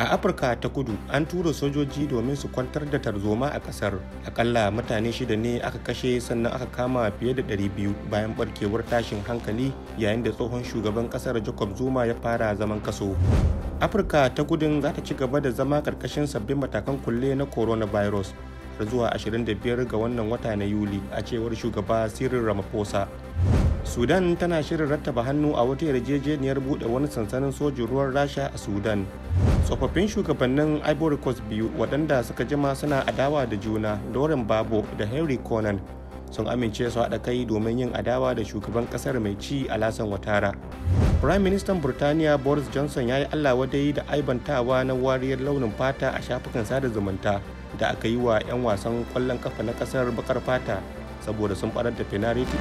a afirka ta kudu an tura sojoji domin su kwantar da tarzoma a kasar akalla mutane shida ne aka kashe sannan aka kama fiye da 200 bayan barkewar tashin hankali yayin da tsohon shugaban kasar jacob zuma ya fara zaman kaso afirka ta kudun za ta ci gaba da zama karkashin sabbin matakan kulle na coronavirus har zuwa 25 ga wannan wata na yuli a cewar shugaba cyril ramaphosa sudan tana shirin rattaba hannu a wata yarjejeniyar buɗe wani sansanin sojin ruwan rasha a sudan tsofaffin shugabannin ivory coast biyu waɗanda suka jima suna adawa da juna doran babo da henry conan sun amince su haɗa kai domin yin adawa da shugaban ƙasar mai ci a alasan watara prime minister burtaniya boris johnson ya yi allah wadai da aibantawa na wariyar launin fata a shafukan sada zumunta da aka yi wa 'yan wasan kwallon kafa na ƙasar baƙar fata saboda sun ɓarar da fenariti